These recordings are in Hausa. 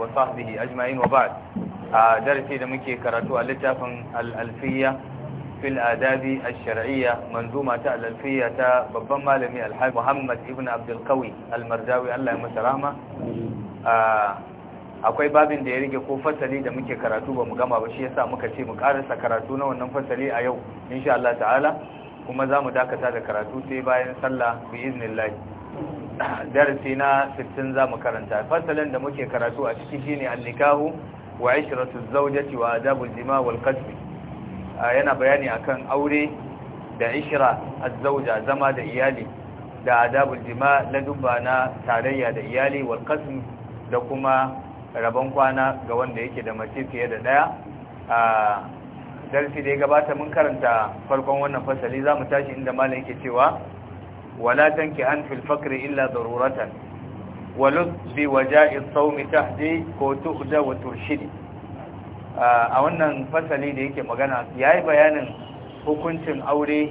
wa sahbihi ajma'in wa ba'd a darasi da muke karatu a littafin al-alfiya fil adabi ash-shar'iyya manzuma ta al-alfiya ta babban malami al-hajj Muhammad ibn Abdul Qawi al-Mardawi Allah ya masa rahma akwai babin da ya rige ko fasali da muke karatu ba mu gama ba shi yasa muka ce mu karasa karatu na wannan fasali a yau insha Allah ta'ala kuma za mu dakata da karatu sai bayan sallah bi iznillah darasi na 60 mu karanta fasalin da muke karatu a cikin shine al-nikahu wa ishratu zawjati wa adabul jima' wal qasb yana bayani akan aure da ishra az-zawja zama da iyali da adabul jima' ladubba na tarayya da iyali wal qasb da kuma rabon kwana ga wanda yake da mace fiye da daya a darasi da ya gabata mun karanta farkon wannan fasali mu tashi inda malam yake cewa ولا تنكي عن في الفقر إلا ضرورة ولد بوجاء الصوم تهدي وتؤذى وترشدي a wannan fasali da yake magana ya yi bayanin hukuncin aure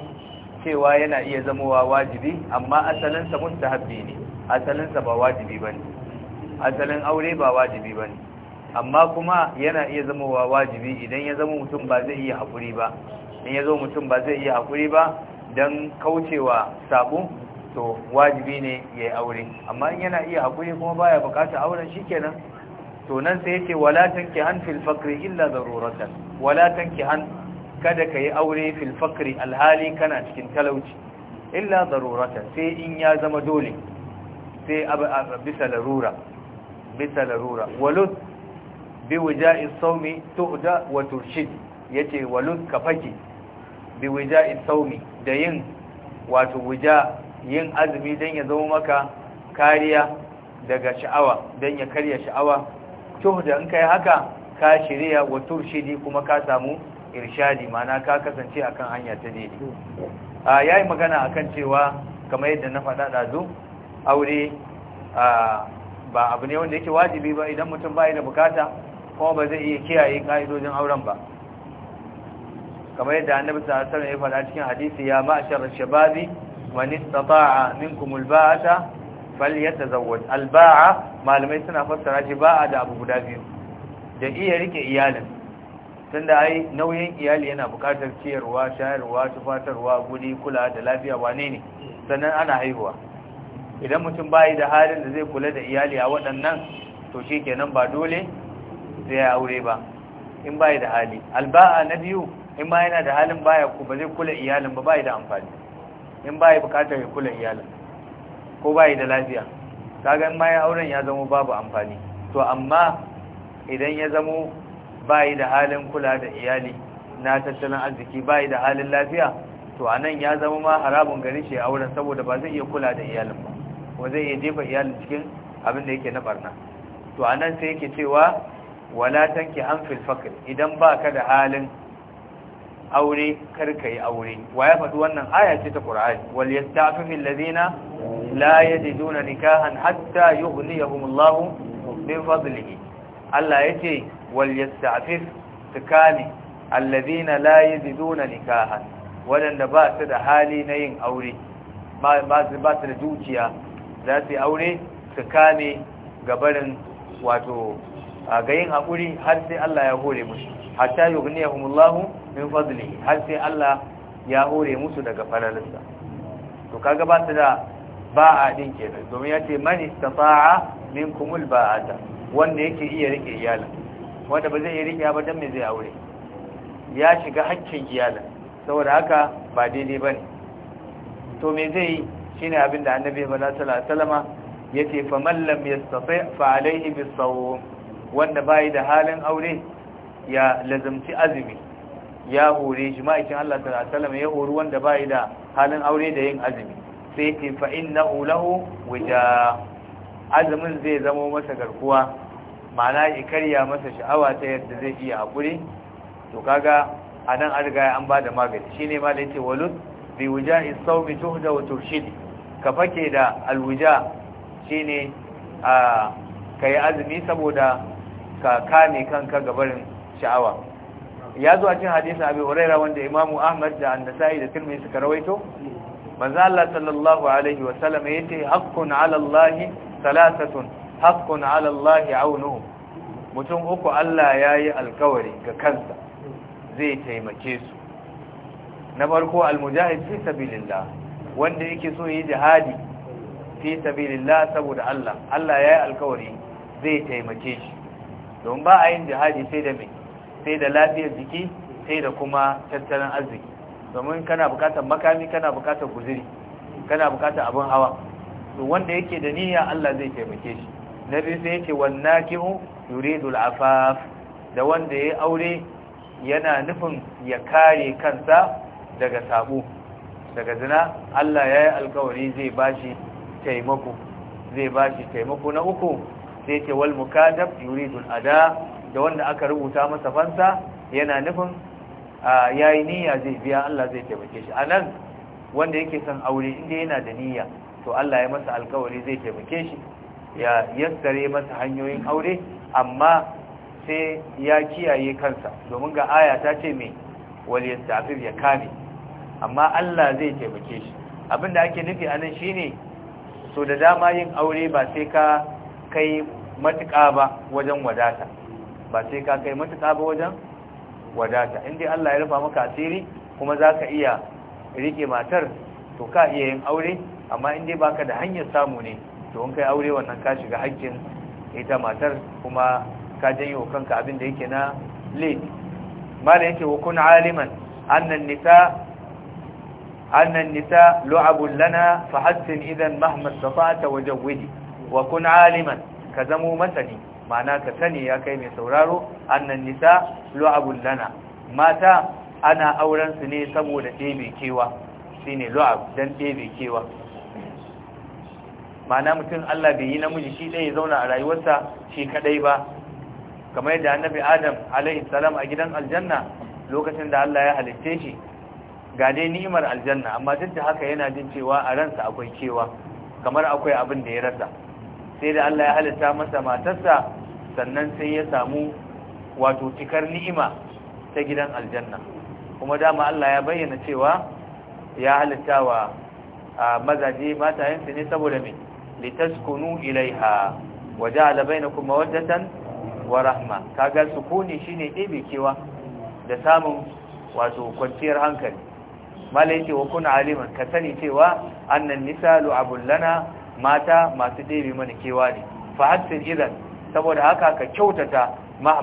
cewa yana iya zamowa wajibi amma asalinsa mustahabbi ne asalinsa ba wajibi ba ne asalin aure ba wajibi ba ne amma kuma yana iya zamowa wajibi idan ya zama mutum mutum ba zai iya haƙuri ba don kaucewa sabo to wajibi ne ya yi aure amma yana iya haƙuri kuma baya bukata auren shi kenan to nan sai yake wala tanki ki han filfakri, illa zaruratan wala ki han kada ka yi aure filfakri, alhali kana cikin talauci illa zaruratan sai in ya zama dole sai a bisa larura bisa larura walud bi wuja'i sawmi tuhda wa turshid yace walud ka fake bi wuja'i saumi. da yin wato guja yin azumi don ya zama maka kariya daga sha'awa don ya karya sha'awa to da in kai haka ka shirya wa turshidi kuma ka samu irshadi mana ka kasance akan hanya ta daidai a yayi magana akan cewa kamar yadda na faɗa ɗazu aure ba abu ne wanda yake wajibi ba idan mutum ya da bukata kuma ba zai iya kiyaye ka'idojin auren ba kamar yadda annabi sallallahu alaihi wasallam ya faɗa cikin hadisi ya ma'ashar shababi man istata'a minkum alba'ata falyatazawwaj alba'a malamai suna fassara shi ba'a da abu guda biyu da iya rike iyalin tunda ai nauyin iyali yana buƙatar ciyarwa shayarwa tufatarwa guri kula da lafiya wane ne sannan ana haihuwa idan mutum bai da halin da zai kula da iyali a waɗannan to kenan ba dole sai ya aure ba in bai da hali alba'a na biyu in ma yana da halin baya ku ba zai kula iyalin ba bai da amfani in ba yi bukatar ya kula iyalin ko bai da lafiya kaga in ma auren ya zama babu amfani to amma idan ya zama bai da halin kula da iyali na tattalin arziki bai da halin lafiya to anan ya zama ma harabun gari shi auren saboda ba zai iya kula da iyalin ba ko zai iya jefa iyalin cikin abin da yake na barna to anan sai yake cewa wala tanki an fil fakr idan baka da halin aure karka yi aure wa ya faɗi wannan aya ce ta Qur'ani wal yastafifu allazina la yajiduna nikahan hatta yughniyahum Allah min fadlihi Allah yace wal yastafif tukani allazina la yajiduna nikahan wadanda ba su da hali na yin aure ba ba su da dukiya za su yi aure su kame gabarin wato ga yin hakuri har sai Allah ya hore musu hatta yughniyahum Allah min fadli har sai Allah ya hore musu daga falalinsa to kaga ba su da ba'a din kenan domin yace man istata'a minkumul ba'ata wanda yake iya rike iyala wanda ba zai iya rike ba dan me zai aure ya shiga haƙƙin iyala saboda haka ba daidai bane to me zai shine abin da annabi sallallahu alaihi wasallama yace man lam yastati' fa alayhi bis-sawm wanda bai da halin aure ya lazimci azumi ya hore shi ma'aikin Allah sallallahu alaihi wasallam ya hori wanda bai da halin aure da yin azumi sai ce fa innahu lahu wija azumin zai zama masa garkuwa ma'ana ya karya masa sha'awa ta yadda zai iya hakuri to kaga anan an riga an bada magani shine ma da yake walud bi wija'i sawmi tuhda wa turshidi ka fake da alwija shine a kai azumi saboda ka kame kanka gabarin sha'awa ya zo a cikin hadisin Abi Hurairah wanda Imam Ahmad da an da Tirmidhi suka rawaito manzo Allah sallallahu alaihi wa sallam yace haqqun 'ala Allah thalathatun haqqun 'ala Allah 'aunuhum mutum uku Allah yayi alkawari ga kansa zai taimake su na farko al-mujahid fi sabilillah wanda yake so yi jihadi fi sabilillah saboda Allah Allah yayi alkawari zai taimake shi don ba a yin jihadi sai da mai sai da lafiyar jiki sai da kuma tattalin arziki domin kana bukatar makami kana bukatar guziri kana bukatar abin hawa to wanda yake da niyya Allah zai taimake shi na sai yake wannakihu yuridul afaf da wanda yayi aure yana nufin ya kare kansa daga sabo daga zina Allah ya yi alkawari zai bashi taimako zai bashi taimako na uku sai yake wal mukadab yuridul ada da wanda aka rubuta masa fansa yana nufin ya yi niyya zai biya Allah zai taimake shi a nan wanda yake son aure inda yana da niyya to Allah ya masa alkawari zai taimake shi ya yassare masa hanyoyin aure amma sai ya kiyaye kansa domin ga aya ta ce mai waliyar tafif ya kame amma Allah zai taimake shi Abin da ake nufi anan nan shine so da dama yin aure ba sai ka kai matuƙa ba wajen wadata ba sai ka kai mata ba wajen wadata inda Allah ya rufa maka asiri kuma za ka iya rike matar to ka iya yin aure amma inda ba ka da hanyar samu ne to in kai aure wannan ka shiga haƙƙin ita matar kuma ka janyo kanka abin da yake na late mala yake wa kun aliman annan nisa annan nisa lu'abun lana fa hassin idan mahma sata'ata wajawwidi wa kun aliman ka zamo masani ma'ana ka sani ya kai mai sauraro annan nisa lu'abun lana mata ana auren su ne saboda ɗebe kewa shine lu'ab dan ɗebe kewa ma'ana mutum Allah bai yi namiji shi ɗaya ya zauna a rayuwarsa shi kaɗai ba kamar yadda annabi Adam alaihi salam a gidan aljanna lokacin da Allah ya halitte shi ga dai ni'imar aljanna amma duk da haka yana jin cewa a ransa akwai kewa kamar akwai abin da ya rasa sai da Allah ya halitta masa matarsa sannan sai ya samu wato cikar ni'ima ta gidan aljanna kuma dama Allah ya bayyana cewa ya halitta wa mazaje matayensu ne saboda mai litaskunu ilaiha waja'ala bainakum mawaddatan wa rahma kaga sukuni shine ɗebe kewa da samun wato kwanciyar hankali malaiti wa kun aliman ka sani cewa annan nisalu lana mata masu ɗebe mana kewa ne fa hatta idan saboda haka ka kyautata ma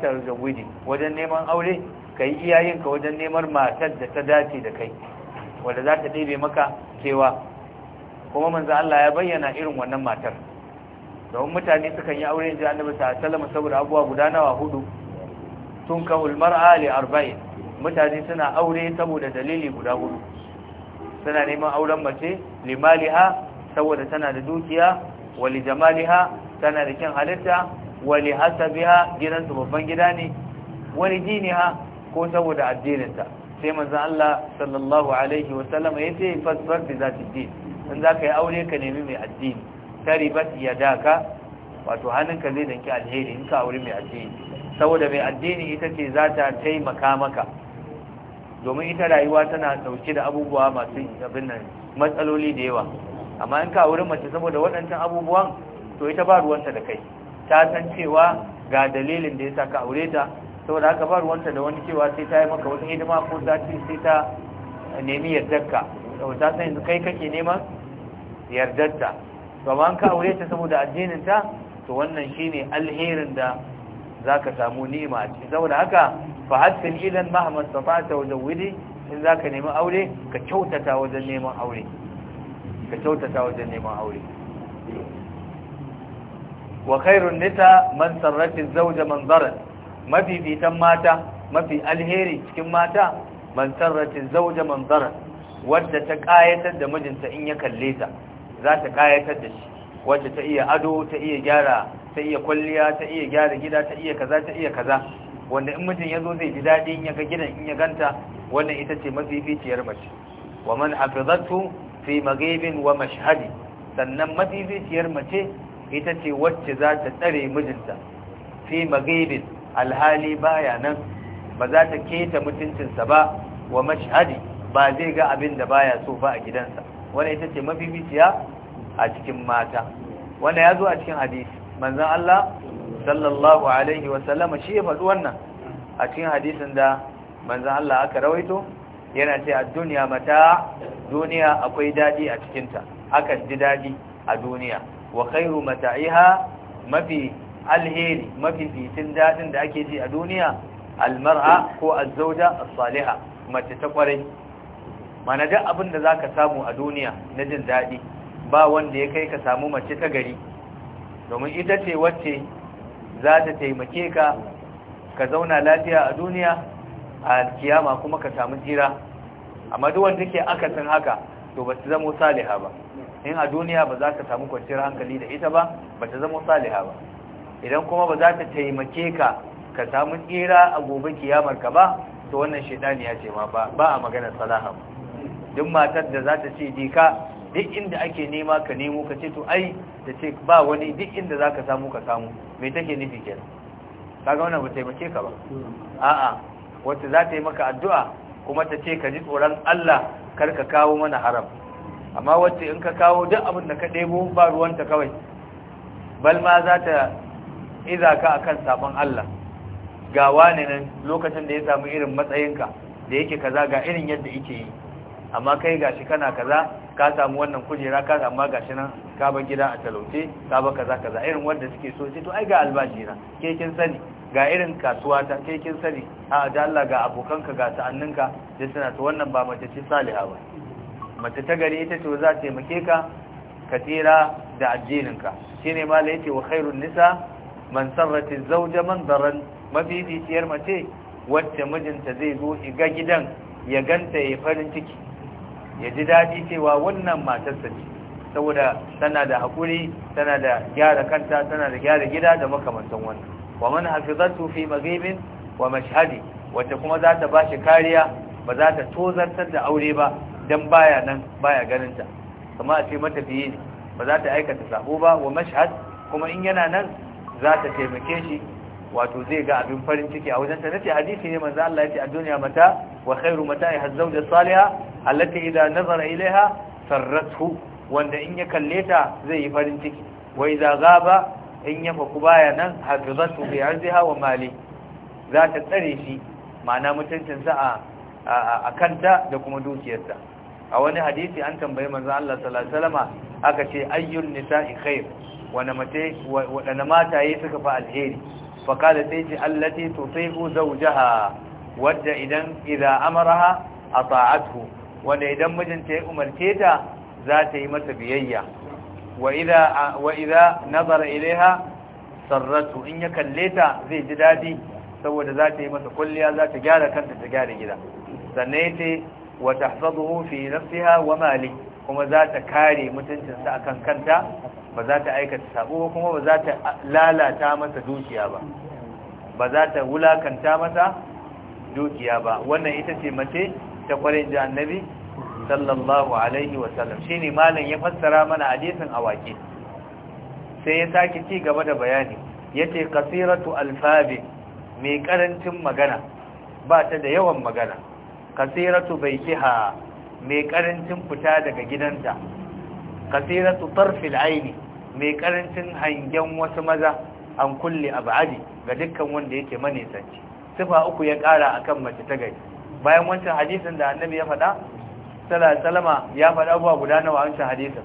da zawiji wajen neman aure ka yi iyayenka wajen neman matar da ta dace da kai wadda za ta ɗebe maka cewa kuma manzo Allah ya bayyana irin wannan matar domin mutane sukan yi aure da annabi ta sallama saboda abuwa guda nawa hudu tun ka ulmar li arba'in mutane suna aure saboda dalili guda hudu suna neman auren mace limaliha saboda tana da dukiya wa jamaliha tana da kyan halitta wali hasabiha gidansu babban gida ne wani ha ko saboda addininta sai manzon Allah sallallahu alaihi wa sallam ya ce fasbar bi zati din in za ka yi aure ka nemi mai addini ya yadaka wato ka zai danki alheri in ka aure mai addini saboda mai addini ita ce za ta taimaka maka domin ita rayuwa tana dauke da abubuwa masu abin nan matsaloli da yawa amma in ka aure mace saboda waɗancan abubuwan to ita ba ruwanta da kai ta san cewa ga dalilin da ya sa ka aure ta saboda haka ba ruwanta da wani cewa sai ta yi maka wata hidima ko ta sai ta nemi yardarka to ta san yanzu kai kake neman yardarta to amma ka aure ta saboda addinin ta to wannan shine alherin da zaka samu ni'ima a saboda haka fa hadin idan mahama tafata wajawidi in zaka nemi aure ka kyautata wajen neman aure ka kyautata wajen neman aure wa khairun nita man sarrati zawja manzaran mafi fitan mata mafi alheri cikin mata man sarrati zawja manzaran wadda ta kayatar da mijinta in ya kalle ta za ta kayatar da shi Wadda ta iya ado ta iya gyara ta iya kwalliya ta iya gyara gida ta iya kaza ta iya kaza wanda in mijin ya zo zai ji daɗi in ya ga gidan in ya ganta wannan ita ce mafificiyar mace wa man hafizatu fi maghibin wa mashhadi sannan mafificiyar mace ita ce wacce za ta tsare mijinta fi magibin alhali baya nan ba za ta keta mutuncinsa ba wa mashhadi ba zai ga abin da baya so ba a gidansa wannan ita ce mafificiya a cikin mata wannan ya zo a cikin hadisi manzon Allah sallallahu alaihi wa sallama shi ya faɗi wannan a cikin hadisin da manzon Allah aka rawaito yana ce a duniya mata duniya akwai daɗi a cikinta akan ji daɗi a duniya wa khairu mata'iha mafi alheri mafi fitin dadin da ake ji a duniya almar'a ko azzauja as-saliha mace ta kwarai mana duk abin da zaka samu a duniya na jin dadi ba wanda ya kai ka samu mace ta gari domin ita ce wacce za ta taimake ka ka zauna lafiya a duniya a kiyama kuma ka samu jira amma duk wanda ke akasin haka to ba su zama saliha ba in a duniya ba za ka samu kwanciyar hankali da ita ba ba ta zama saliha ba idan kuma ba za ta taimake ka ka samu tsira a gobe kiyamar ka ba to wannan shaidani ya ce ma ba a maganar salaha ba duk matar da za ta ce dika duk inda ake nema ka nemo ka ce to ai da ce ba wani duk inda za ka samu ka samu mai take nufi ke kaga wannan ba taimake ka ba a'a wacce za ta yi maka addu'a kuma ta ce ka ji tsoron Allah kar ka kawo mana haram amma wacce in ka kawo duk abin da ka ɗebo ba ruwanta kawai bal ma za ta iza ka a kan sabon Allah ga wane nan lokacin da ya samu irin matsayinka da yake kaza ga irin yadda yake yi amma kai gashi kana kaza ka samu wannan kujera ka amma gashi nan ka ba gida a talauce ka ba kaza kaza irin wanda suke so sai to ai ga albashi na ke kin sani ga irin kasuwa ta ke kin sani a da Allah ga abokanka ga sa'anninka da suna to wannan ba mace ce saliha ba mace ta gari ita ce za ta taimake ka ka tsira da addininka ne ma yake wa khairun nisa man sarrati zawja man daran mafificiyar mace wacce mijinta zai zo ga gidan ya ganta ya farin ciki ya ji daɗi cewa wannan matarsa ce saboda tana da haƙuri tana da gyara kanta tana da gyara gida da makamantan wannan wa man hafizatu fi magibin wa mashhadi wacce kuma za ta bashi kariya ba za ta tozartar da aure ba dan baya nan baya ganin ta kuma a ce matafiye ne ba za ta aikata sabo ba wa mashhad kuma in yana nan za ta taimake shi wato zai ga abin farin ciki a wajen ta nace hadisi ne manzo Allah yace a duniya mata wa khairu mata'i az-zawja salihah allati idza nazara ilaiha sarrathu wanda in ya kalle ta zai yi farin ciki wa idza ghaba in ya faku baya nan hafizatu bi arziha wa mali za ta tsare shi ma'ana mutuncinsa a kanta da kuma dukiyarta a wani hadisi an tambayi manzo Allah sallallahu alaihi wasallama aka ce ayyun nisa'i khair wani mate wadana mataye suka fa alheri fa qala tayti allati tuti'u zawjaha wadda idan idza amaraha ata'athu wanda idan mijinta ya umarce ta za ta yi masa biyayya wa idza wa idza nazara ilaiha sarratu in ya kalle ta zai ji dadi saboda za ta yi masa kulliya za ta gyara kanta ta gyara gida sannan yace wa tahfazuhu fi nafsiha wa mali kuma za ta kare mutuncinsa akan kanta ba za ta aikata sabo kuma ba za ta lalata masa dukiya ba ba za ta wulakanta masa dukiya ba wannan ita ce mace ta kwarin ji annabi sallallahu alaihi wasallam shine malam ya fassara mana hadisin awaki sai ya sake ci gaba da bayani yace kasiratu alfabi mai karancin magana ba ta da yawan magana kasiratu baitiha mai karancin fita daga gidanta kasiratu tarfil aini mai karancin hangen wasu maza an kulli abadi ga dukkan wanda yake manisanci sifa uku ya kara akan mace ta gari bayan wancan hadisin da annabi ya faɗa salama ya faɗa abuwa guda nawa wancan hadisin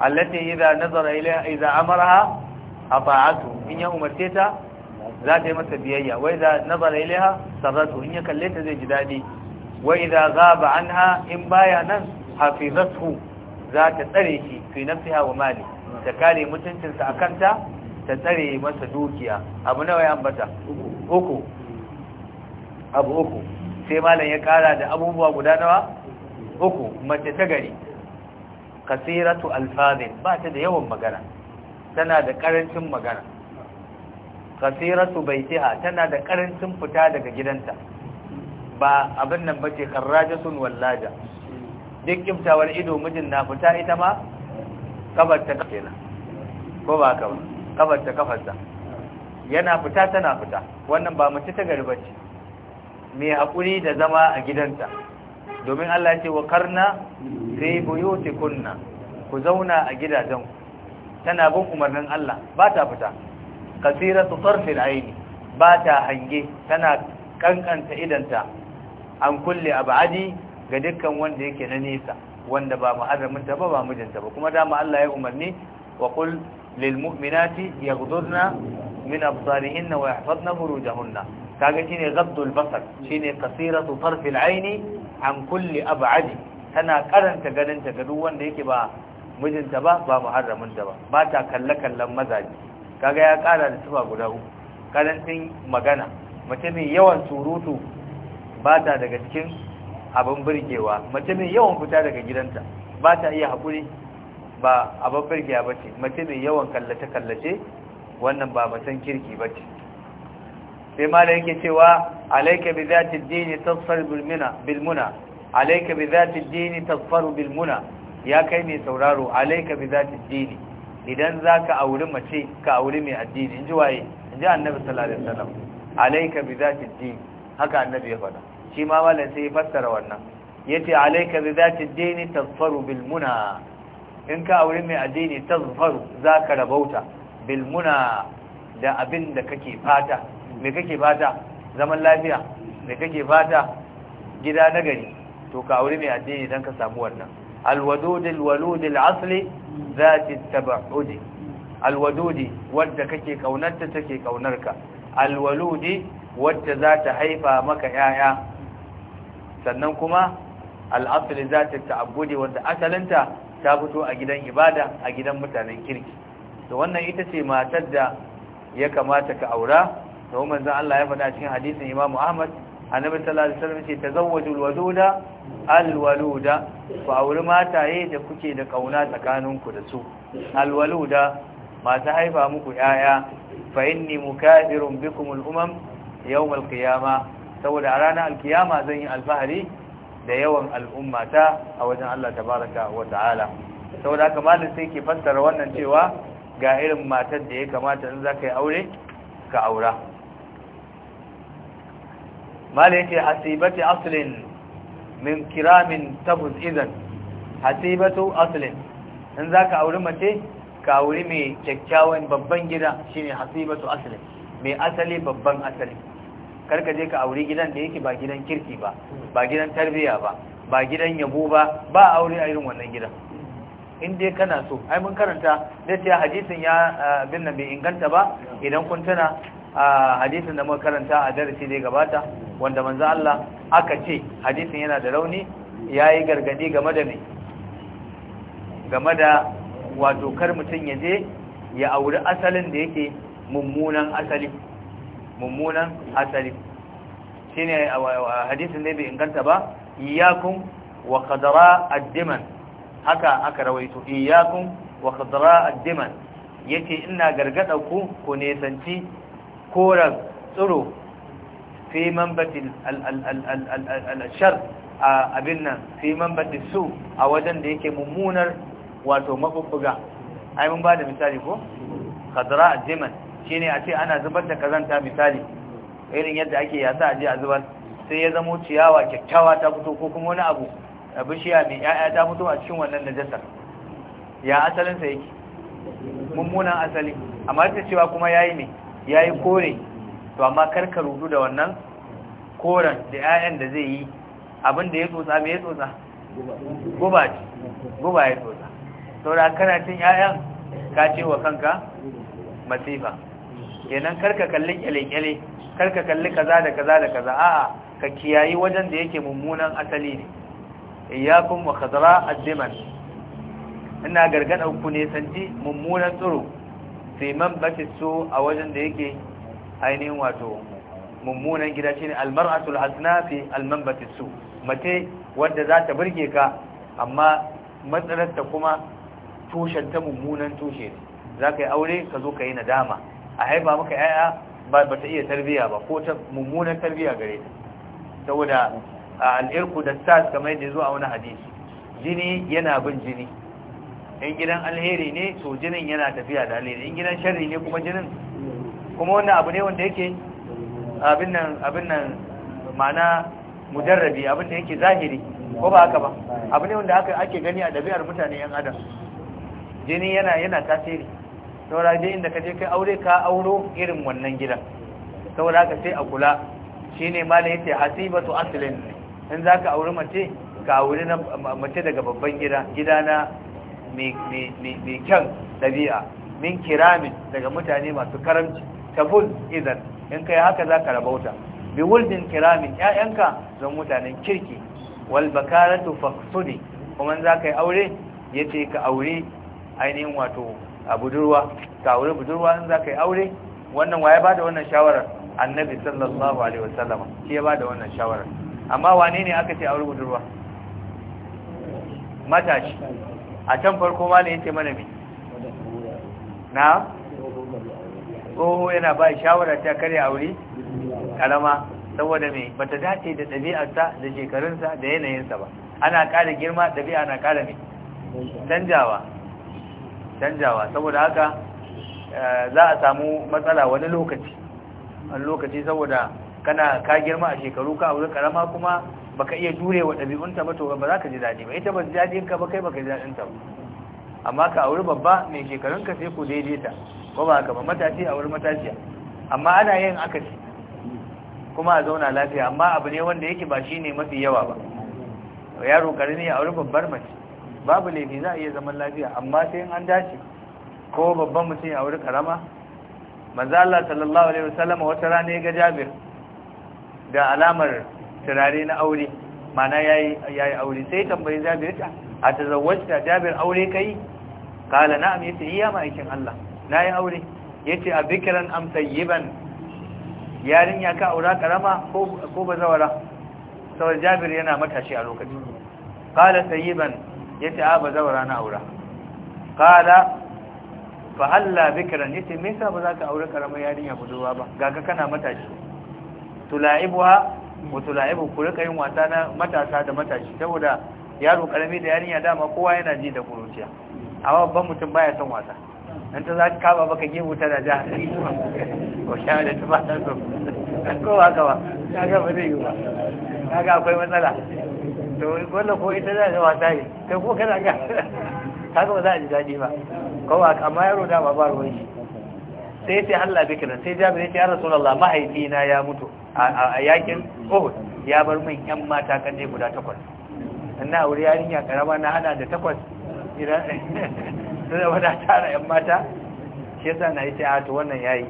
allati idza nazara ilaiha idza amaraha ata'atu in ya umarce ta za ta yi masa biyayya wai da nazara ilaiha sarratu in ya kalle ta zai ji daɗi. wai da an anha in baya nan hafizatu za ta tsare shi fi nafsiha wa mali ta kare mutuncinsa a kanta ta tsare masa dukiya abu nawa ya ambata uku abu uku sai malam ya kara da abubuwa guda nawa uku mace ta gari kasiratu alfazin ba ta da yawan magana tana da karancin magana kasiratu baitiha tana da karancin fita daga gidanta ba abin nan bace karrajatun wallaja duk kimtawar ido mijin na fita ita ma ta kenan ko ba ka ba yana fita tana fita wannan ba mace ta ce. mai hakuri da zama a gidanta domin Allah ya ce wa karna sai buyutikunna ku zauna a gidajenku tana bin umarnin Allah ba ta fita kasiratu tarfil aini ba ta hange tana kankanta idanta an kulle abadi ga dukkan wanda yake na nesa wanda ba muharraminta ba ba mijinta ba kuma dama Allah ya umarni wa qul lil mu'minati yaghdudna min absarihinna wa yahfazna furujahunna kaga shine ghaddul basar shine qasiratu tarfil aini an kulli ab'adi tana karanta ganin ta ga duk wanda yake ba mijinta ba ba muharraminta ba ba ta kalle kallan mazaji kaga ya kara da sifa guda uku karancin magana mace mai yawan surutu ba ta daga cikin abin birgewa mace mai yawan fita daga gidanta ba ta iya haƙuri ba abin birgewa ba ce mace mai yawan kallace-kallace wannan ba matan kirki ba ce sai ma da yake cewa alaika bi zati dini tasfar bilmuna alaika bi zati dini tasfar bilmuna ya kai mai sauraro alaika bi zati dini idan za ka auri mace ka auri mai addini in ji waye in ji annabi sallallahu alaihi wasallam alayka bi zati din haka annabi ya faɗa shi ma malam sai ya fassara wannan yace alayka bi zati din tazfaru bil muna in ka auri mai addini tazfaru ka rabauta bil muna da abin da kake fata me kake fata zaman lafiya me kake fata gida nagari to ka auri mai addini dan ka samu wannan الودود الولود العسل ذات التبعد الودود ود كake kaunarta take kaunarka alwaludi wadda za ta haifa maka yaya sannan kuma al'asli za ta ta'abbudi wadda asalinta ta fito a gidan ibada a gidan mutanen kirki to wannan ita ce matar da ya kamata ka aura to manzon Allah ya faɗa cikin hadisin Imam Ahmad annabi sallallahu alaihi wasallam ce tazawwajul waduda alwaluda ku auri mataye da kuke da kauna tsakaninku da su alwaluda masu haifa muku yaya fa inni mukadirun bikum al yawm al saboda a ranar alkiyama zan yi alfahari da yawan al'ummata a wajen Allah tabaraka wa ta'ala saboda haka malin sai ke fassara wannan cewa ga irin matar da ya kamata in za ka yi aure ka aura mala yake hasibati aslin min kiramin tabuz idan hasibatu aslin in zaka auri mace ka auri mai kyakkyawan babban gida shine hasibatu aslin mai asali babban asali karka je ka auri gidan da yake ba gidan kirki ba ba gidan tarbiya ba ba gidan yabo ba ba aure a irin wannan gidan in dai kana so ai mun karanta da ta hadisin ya bin nan bai inganta ba idan kun tana a hadisin da muka karanta a darasi da gabata wanda manzo Allah aka ce hadisin yana da rauni yayi gargadi game da me game da wato kar mutun ya je ya auri asalin da yake mummunan asali mummunan asali shine hadisin da bai inganta ba iyyakum wa qadara ad-diman haka aka rawaito iyyakum wa qadara ad-diman yace ina gargada ku ku nesanci koren tsuro fi mambatin al'ashar a abin nan fi mambatin su a wajen da yake mummunar wato mabubbuga ai mun ba da misali ko kadara a jiman ne a ce ana zubar da kazanta misali irin yadda ake yasa ji a zubar sai ya zamo ciyawa kyakkyawa ta fito ko kuma wani abu bishiya mai ya'ya ta fito a cikin wannan najasar. ya asalinsa yake mummunan asali amma ta cewa kuma yayi ne ya yi kore to amma karka rudu da wannan koren da 'ya'yan da zai yi abinda ya tsotsa mai ya tsotsa guba ce guba ya tsotsa saura kana cin 'ya'yan ka ce wa kanka masifa kenan karka kalli kyale-kyale karka kalli kaza da kaza da kaza a'a ka kiyayi wajen da yake mummunan asali ne iyakun wa khadra addiman ina gargada ku ne santi mummunan tsoro fi manbati su a wajen da yake ainihin wato mummunan gida shine almar'atul hasna fi almanbati su mace wadda za ta burge ka amma matsalarta kuma tushen ta mummunan tushe za ka yi aure ka zo ka yi nadama a haifa maka yaya ba ta iya tarbiya ba ko ta mummunan tarbiya gare ta saboda al'irku da sas kamar yadda a wani hadisi jini yana bin jini in gidan alheri ne to jinin yana tafiya da alheri in gidan sharri ne kuma jinin kuma wannan abu ne wanda yake abin nan abin nan ma'ana mujarrabi abin da yake zahiri ko ba haka ba abu ne wanda aka ake gani a dabi'ar mutane yan adam jini yana yana tasiri saboda dai inda ka je kai aure ka auro irin wannan gidan saboda haka sai a kula shine malai yace hasibatu aslin in zaka aure mace ka aure na mace daga babban gida gida na mai kyan ɗabi'a min kiramin daga mutane masu karamci tabul idan in kai haka za ka rabauta bi wuldin kiramin ƴaƴanka zan mutanen kirki wal bakaratu faqsudi kuma za ka yi aure yace ka aure ainihin wato a budurwa ka aure budurwa in za ka yi aure wannan waye bada wannan shawarar annabi sallallahu alaihi wasallam shi ya bada wannan shawarar amma wane ne aka ce aure budurwa matashi a can farko ma ne yace mana me na tsoho yana ba shawara ta kare aure karama saboda me bata dace da ɗabi'arsa da shekarunsa da yanayinsa ba ana ƙara girma ɗabi'a na ƙara me canjawa canjawa saboda haka eh, za a samu matsala wani lokaci wani lokaci saboda kana ka girma a shekaru ka aure karama kuma baka iya jure wa ɗabi'unta ba to ba za ka ji daɗi ba ita ba daɗin ka ba kai baka ji daɗin ta ba amma ka auri babba mai shekarun ka sai ku daidaita ko ba ka ba matashi a wurin matashiya amma ana yin ci kuma a zauna lafiya amma abu ne wanda yake ba shine mafi yawa ba yaro ne a auri babbar mace babu laifi za a iya zaman lafiya amma sai an dace ko babban mutum ya auri karama manzo Allah sallallahu alaihi wasallam wata rana ya ga Jabir da alamar turare na aure mana ya yi aure sai tambayi Jabir ta a tazawwajta Jabir aure kai kala na'am amince iya ma aikin Allah Na yi aure Ya ce a bikiran yi ban yarin yarinya ka aura karama ko ba zawara? sau Jabir yana matashi a lokacin kala yi ban. Ya ce a ba zawara na aura kala fa Allah Ya ce me yasa ba za ka aure karama yarinya budurwa ba ga ka kana matashi tula'ibuwa wato la'ibu ku rika yin wasa na matasa da matashi saboda yaro karami da yarinya dama kowa yana ji da kuruciya amma babban mutum baya son wasa dan ta zaka kaba baka gebu ta da ja ko sha da ta ba so ko haka ba kaga ba zai yi ba kaga akwai matsala to wanda ko ita za ta wasa ne kai ko kana ga kaga ba za a ji daɗi ba ko amma yaro da ba ba ruwan shi sai sai Allah bikira sai Jabir ya ya Rasulullah mahaifina ya mutu a yakin Uhud ya bar min yan mata kan dai guda takwas sannan aure yarinya karama na hada da takwas idan da wata tara yan mata shi yasa na yace a to wannan yayi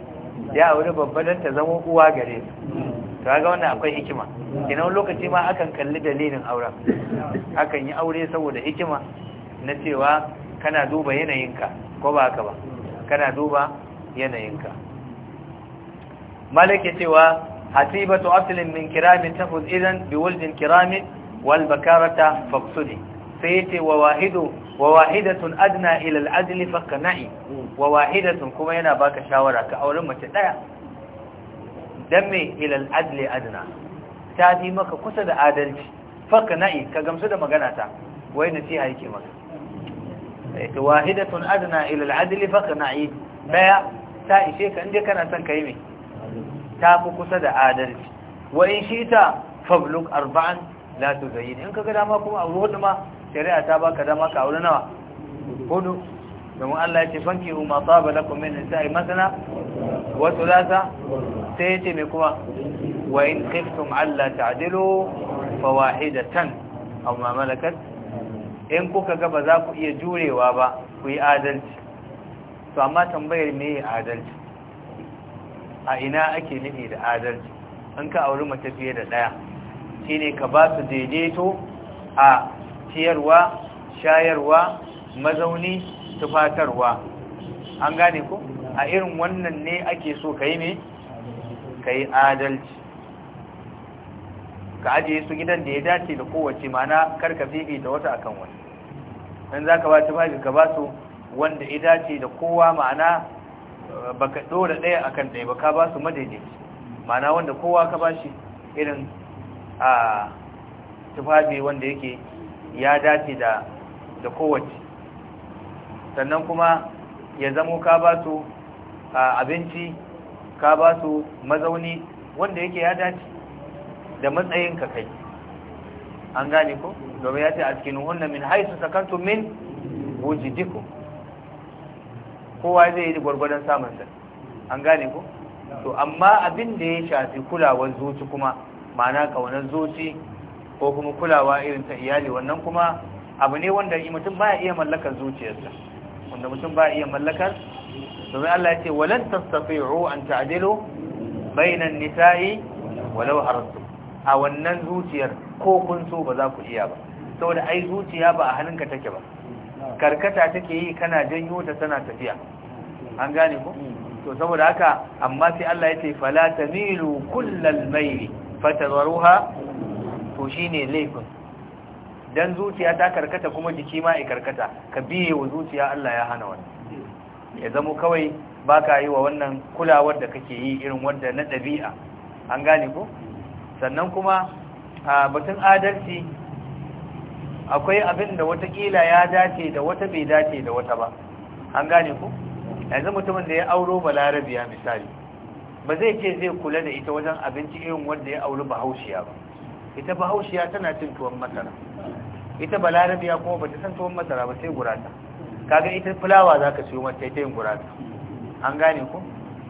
ya wuri babba dan ta zama uwa gare to kaga wannan akwai hikima wani lokaci ma akan kalli dalilin aure akan yi aure saboda hikima na cewa kana duba yanayinka ko ba haka ba kana duba yanayinka malaka cewa hatibatu aslin min kiramin tafuz idan bi waljin kiramin wal bakarata Sai sayati wa wahidu wa wahidatun adna ila al adli faqna'i wa wahidatun kuma yana baka shawara ka auren mace daya dan me ila al adli adna ta fi maka kusa da adalci faqna'i ka gamsu da magana ta wai nasiha yake maka ila ta ishe ka kana son kai me ta fi kusa da adalci wa in shita fabluk arba'an la tuzayin in ga dama kuma abu hudu ma shari'a ta baka dama ka aure nawa hudu domin Allah ya ce fanki umma saba lakum min nisa'i masana wa thulatha sai yace me kuma wa in khiftum alla ta'dilu fawahidatan aw ma malakat in kuka ga ba za ku iya jurewa ba ku yi adalci to amma tambayar me adalci a ina ake nufi da adalci an ka auri mace fiye da ɗaya Shi ne ka ba su daidaito a ciyarwa shayarwa mazauni tufatarwa an gane ku a irin wannan ne ake so ka yi ne ka yi adalci ka ajiye su gidan da ya dace da kowace mana karka da wata akan wani dan za ka ba tufafi ka ba su wanda ya dace da kowa ma'ana baka dora daya akan daya ba ka ba su madaidaici mana wanda kowa ka ba shi irin a tufafi wanda yake ya dace da kowace sannan kuma ya zamo ka ba su abinci ka ba su mazauni wanda yake ya dace da matsayin ka kai an gane ko domin ya ce a cikin hunna min haisu sakantu min wujidikum kowa zai yi gwargwadon samun samunsa an gane ko to amma abin da ya shafi kulawar zuci kuma ma'ana kaunar zuci ko kuma kulawa irin ta iyali wannan kuma abu ne wanda mutum ba iya mallakar zuciyarsa wanda mutum ba iya mallakar domin Allah ya ce walan tastati'u an ta'dilu bainan nisa'i walau harastu a wannan zuciyar ko kun so ba za ku iya ba saboda ai zuciya ba a hannunka take ba karkata take yi kana janyo ta tana tafiya an gane ko to saboda haka amma sai Allah ya ce fala tamilu kullal maili fatadruha to shine laifin dan zuciya ta karkata kuma jiki ma ya karkata ka biye wa zuciya Allah ya hana wannan ya zamo kawai baka yi wa wannan kulawar da kake yi irin wanda na dabi'a an gane ko sannan kuma batun adalci akwai abin da watakila ya dace da wata bai dace da wata ba an gane ku yanzu mutumin da ya auro balarabiya misali ba zai ce zai kula da ita wajen abinci irin wanda ya auri bahaushiya ba ita bahaushiya tana cin tuwon masara ita balarabiya kuma ba ta san tuwon masara ba sai gurata kaga ita fulawa za ka siyo mata ita yin gurata an gane ku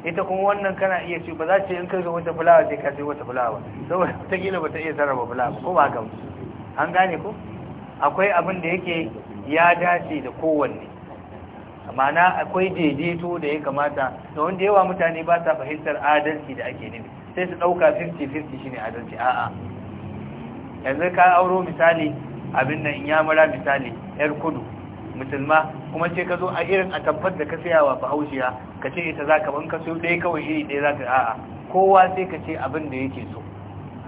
ita kuma wannan kana iya ci ba za ce in ka zo wata fulawa sai ka siyo wata fulawa saboda ta gila ba ta iya sarrafa fulawa ko ba haka an gane ku akwai abin da yake ya dace da kowanne ma'ana akwai daidaito da ya kamata da wanda yawa mutane ba sa fahimtar adalci da ake nufi sai su ɗauka 50-50 shine adalci a'a yanzu ka auro misali abin nan ya mara misali yar kudu musulma kuma ce ka zo a irin a tabbat da ka sayawa haushiya ka ce ita za ka ban ka ɗaya kawai iri ɗaya za ka a'a kowa sai ka ce abin da yake so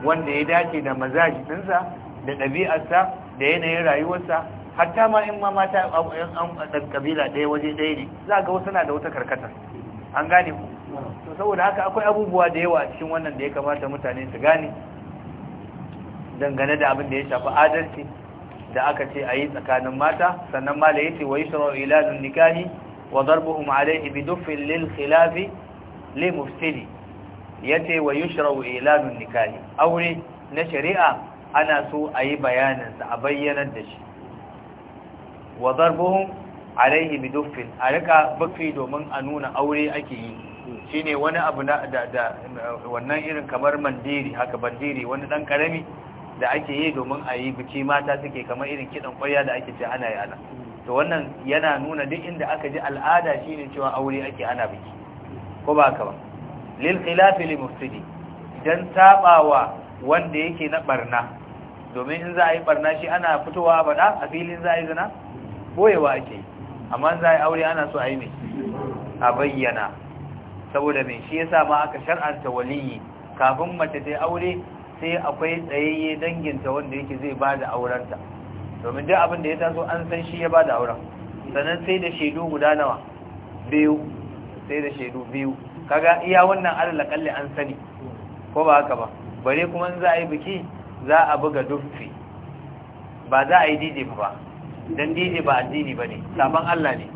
wanda ya dace da mazajinsa da ɗabi'arsa da yanayin rayuwarsa hatta ma in ma mata an kabila ɗaya waje ɗaya ne za ga wasu na da wata karkatar an gane ku to saboda haka akwai abubuwa da yawa cikin wannan da ya kamata mutane su gane dangane da abin da ya shafi adalci da aka ce a yi tsakanin mata sannan mala ya ce wa yusra ilalun nikahi wa darbuhum alayhi bi dufin lil khilafi li mufsidi ce wa yusra ilalun nikahi aure na shari'a ana so a yi bayaninsa a bayyanar da shi wa zarbuhun alaihi biduffin a rika bufi domin a nuna aure ake yi shi ne wani abu da wannan irin kamar mandiri haka bandiri wani dan karami da ake yi domin a yi biki mata suke kamar irin kiɗan kwarya da ake ce ana yi ana to wannan yana nuna duk inda aka ji al'ada shine ne cewa aure ake ana biki ko ba ka ba lil khilafi li mufsidi dan sabawa wanda yake na barna domin in za a yi barna shi ana fitowa a bada a filin za a yi zina boyewa ake amma za a yi aure ana so a yi mai a bayyana saboda mai shi yasa ma aka shar'anta waliyi kafin mace ta aure sai akwai tsayayye danginta wanda yake zai ba da aurenta domin duk abin da ya taso an san shi ya ba da auren sannan sai da shaidu guda nawa biyu sai da shaidu biyu kaga iya wannan alalakalle an sani ko ba haka ba bare kuma za a yi biki za a buga dufi ba za a yi dije ba don dije ba addini ba ne sabon allah ne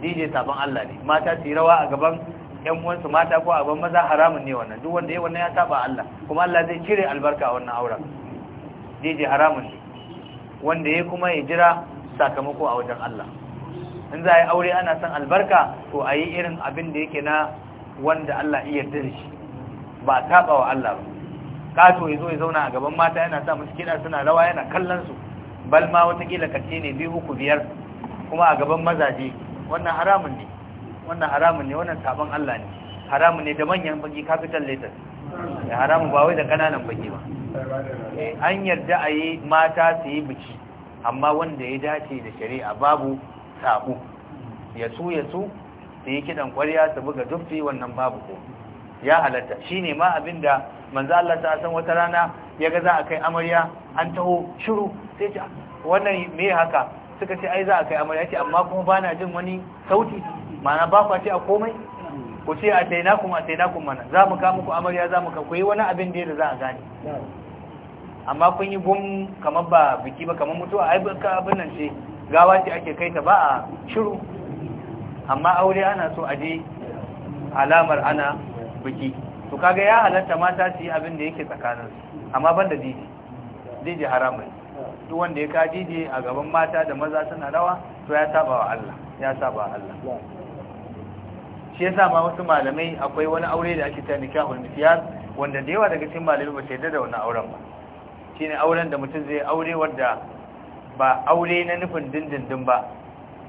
dije sabon allah ne mata su rawa a gaban yan uwansu mata ko a gaban maza haramun ne wannan duk wanda ya wannan ya saba allah kuma allah zai cire albarka a wannan auren dije haramun ne wanda ya kuma ya jira sakamako a wajen allah in za a yi aure ana son albarka to a yi irin abin da yake na wanda allah iya dirshi ba a taɓa wa allah ba kato ya zo ya zauna a gaban mata yana sa musu kiɗa suna rawa yana kallon su bal ma watakila kace ne biyu uku biyar kuma a gaban mazaje wannan haramun ne wannan haramun ne wannan sabon Allah ne haramun ne da manyan baki capital letters ya haramun ba wai da kananan baki ba eh, an yarda a yi mata su yi biki amma wanda ya dace da shari'a babu sabo ya su ya su su yi kiɗan ƙwarya su buga dufti wannan babu ko ya halatta shine ma abinda manzo Allah ta san wata rana yaga za a kai amarya an taho shiru sai ta wannan me haka suka ce ai za a kai amarya ce amma kuma bana jin wani sauti mana ba ku ce a komai ku ce a taina kuma a taina kuma mana za mu ka muku amarya za mu ka koyi wani abin da za a gane amma kun yi gum kamar ba biki ba kamar mutuwa ai ka abin nan ce gawa ce ake kai ta ba a shiru amma aure ana so a je alamar ana biki to kaga ya halatta mata su yi abin da yake tsakanin amma ban da jiji jiji haram ne duk wanda ya ka jiji a gaban mata da maza suna rawa to ya saba wa Allah ya saba wa Allah shi yasa ma wasu malamai akwai wani aure da ake ta nikahul mithyar wanda da yawa daga cikin malamai ba su yarda da wannan auren ba shine auren da mutum zai aure wanda ba aure na nufin dindindin ba